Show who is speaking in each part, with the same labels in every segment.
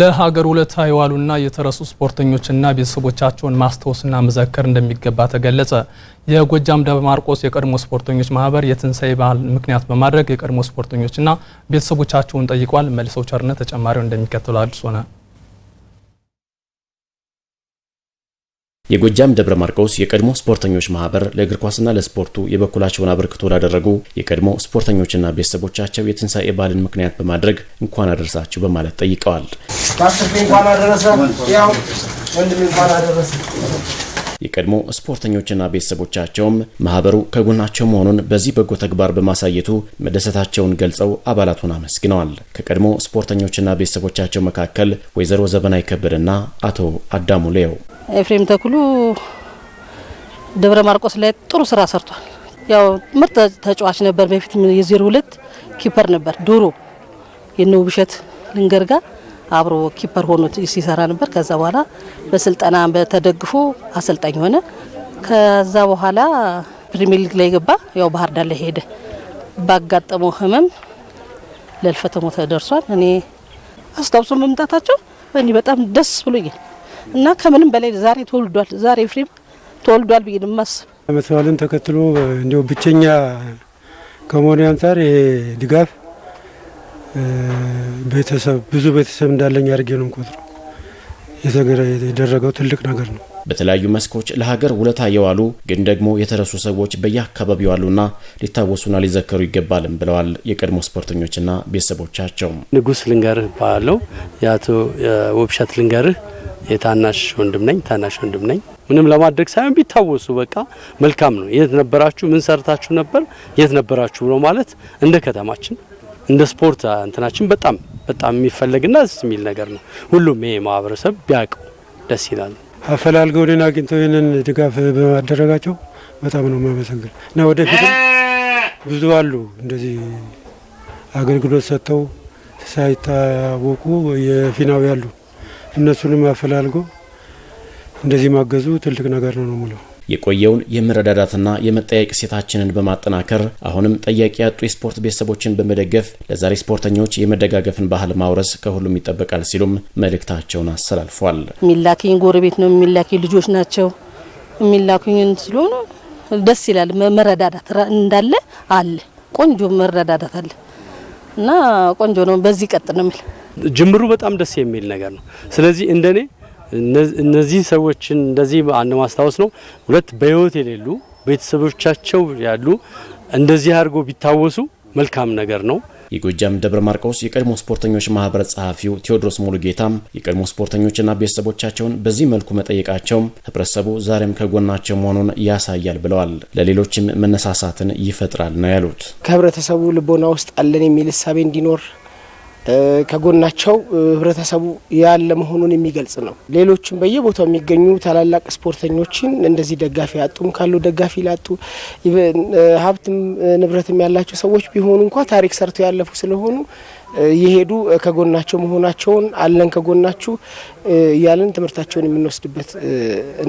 Speaker 1: ለሀገር ውለታ የዋሉና የተረሱ ስፖርተኞችና ቤተሰቦቻቸውን ማስታወስና መዘከር እንደሚገባ ተገለጸ። የጎጃም ደብረ ማርቆስ የቀድሞ ስፖርተኞች ማህበር የትንሳኤ በዓል ምክንያት በማድረግ የቀድሞ ስፖርተኞችና ቤተሰቦቻቸውን ጠይቋል። መልሰው ቸርነት ተጨማሪው እንደሚከተሉ አድርሶናል።
Speaker 2: የጎጃም ደብረ ማርቆስ የቀድሞ ስፖርተኞች ማህበር ለእግር ኳስና ለስፖርቱ የበኩላቸውን አበርክቶ ላደረጉ የቀድሞ ስፖርተኞችና ቤተሰቦቻቸው የትንሣኤ በዓልን ምክንያት በማድረግ እንኳን አደረሳችሁ በማለት ጠይቀዋል። እንኳን አደረሰ፣ ያው ወንድም እንኳን አደረሰ። የቀድሞ ስፖርተኞችና ቤተሰቦቻቸውም ማህበሩ ከጎናቸው መሆኑን በዚህ በጎ ተግባር በማሳየቱ መደሰታቸውን ገልጸው አባላቱን አመስግነዋል። ከቀድሞ ስፖርተኞችና ቤተሰቦቻቸው መካከል ወይዘሮ ዘበናይ ከበደና አቶ አዳሙ ሌው።
Speaker 3: ኤፍሬም ተክሉ ደብረ ማርቆስ ላይ ጥሩ ስራ ሰርቷል። ያው ምርጥ ተጫዋች ነበር። በፊት የዜሮ ሁለት ኪፐር ነበር ድሮ የነ ውብሸት ልንገርጋ አብሮ ኪፐር ሆኖ ሲሰራ ነበር። ከዛ በኋላ በስልጠና በተደግፎ አሰልጣኝ ሆነ። ከዛ በኋላ ፕሪሚየር ሊግ ላይ ገባ። ያው ባህር ዳር ላይ ሄደ። ባጋጠመው ህመም ለህልፈተ ሞት ደርሷል። እኔ አስታውሶ መምጣታቸው እኔ በጣም ደስ ብሎኛል እና ከምንም በላይ ዛሬ ተወልዷል። ዛሬ ኤፍሬም ተወልዷል ብዬ ማስብ
Speaker 4: መሰዋልን ተከትሎ እንዲሁ ብቸኛ ከመሆኑ አንጻር ድጋፍ ቤተሰብ ብዙ ቤተሰብ እንዳለኝ አድርጌ ነው እንቆጥረው። የተደረገው ትልቅ ነገር ነው።
Speaker 2: በተለያዩ መስኮች ለሀገር ውለታ የዋሉ ግን ደግሞ የተረሱ ሰዎች በየአካባቢው አሉና ሊታወሱና ሊዘከሩ ይገባልም ብለዋል የቀድሞ ስፖርተኞችና ቤተሰቦቻቸው።
Speaker 5: ንጉስ ልንገርህ ባለው የአቶ ወብሸት ልንገርህ የታናሽ ወንድም ነኝ። ታናሽ ወንድም ነኝ። ምንም ለማድረግ ሳይሆን ቢታወሱ በቃ መልካም ነው። የት ነበራችሁ? ምን ሰርታችሁ ነበር? የት ነበራችሁ ብሎ ማለት እንደ ከተማችን እንደ ስፖርት እንትናችን በጣም በጣም የሚፈለግና ደስ የሚል ነገር ነው። ሁሉም ይሄ ማህበረሰብ ቢያውቀው ደስ ይላል።
Speaker 4: አፈላልገው እኔን አግኝተው ይህንን ድጋፍ በማደረጋቸው በጣም ነው ማመሰግን እና ወደፊት ብዙ አሉ እንደዚህ አገልግሎት ሰጥተው ሳይታወቁ የፊናው ያሉ እነሱንም አፈላልጎ እንደዚህ ማገዙ ትልቅ ነገር ነው ነው ሙለው
Speaker 2: የቆየውን የመረዳዳትና የመጠያየቅ ሴታችንን በማጠናከር አሁንም ጠያቂ ያጡ የስፖርት ቤተሰቦችን በመደገፍ ለዛሬ ስፖርተኞች የመደጋገፍን ባህል ማውረስ ከሁሉም ይጠበቃል ሲሉም መልእክታቸውን አስተላልፏል።
Speaker 3: የሚላክኝ ጎረቤት ነው፣ የሚላክኝ ልጆች ናቸው የሚላኩኝን ስለሆነ ደስ ይላል። መረዳዳት እንዳለ አለ፣ ቆንጆ መረዳዳት አለ እና ቆንጆ ነው። በዚህ ቀጥ ነው የሚል
Speaker 5: ጅምሩ በጣም ደስ የሚል ነገር ነው። ስለዚህ እንደኔ እነዚህ ሰዎችን እንደዚህ አንድ ማስታወስ ነው። ሁለት በህይወት የሌሉ ቤተሰቦቻቸው ያሉ እንደዚህ አድርጎ ቢታወሱ መልካም ነገር ነው።
Speaker 2: የጎጃም ደብረ ማርቆስ የቀድሞ ስፖርተኞች ማህበረ ጸሐፊው ቴዎድሮስ ሙሉጌታም የቀድሞ ስፖርተኞችና ቤተሰቦቻቸውን በዚህ መልኩ መጠየቃቸውም ህብረተሰቡ ዛሬም ከጎናቸው መሆኑን ያሳያል ብለዋል። ለሌሎችም መነሳሳትን ይፈጥራል ነው ያሉት።
Speaker 6: ከህብረተሰቡ ልቦና ውስጥ አለን የሚል እሳቤ እንዲኖር ከጎናቸው ህብረተሰቡ ያለ መሆኑን የሚገልጽ ነው። ሌሎችም በየቦታው የሚገኙ ታላላቅ ስፖርተኞችን እንደዚህ ደጋፊ ያጡም ካሉ ደጋፊ ላጡ ሀብትም ንብረትም ያላቸው ሰዎች ቢሆኑ እንኳ ታሪክ ሰርተው ያለፉ ስለሆኑ እየሄዱ ከጎናቸው መሆናቸውን አለን ከጎናችሁ እያለን ትምህርታቸውን የምንወስድበት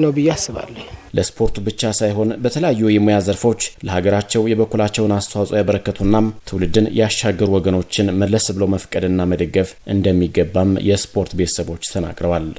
Speaker 6: ነው ብዬ አስባለሁ።
Speaker 2: ለስፖርቱ ብቻ ሳይሆን በተለያዩ የሙያ ዘርፎች ለሀገራቸው የበኩላቸውን አስተዋጽኦ ያበረከቱና ትውልድን ያሻገሩ ወገኖችን መለስ ብሎ መፍቀድና መደገፍ እንደሚገባም የስፖርት ቤተሰቦች ተናግረዋል።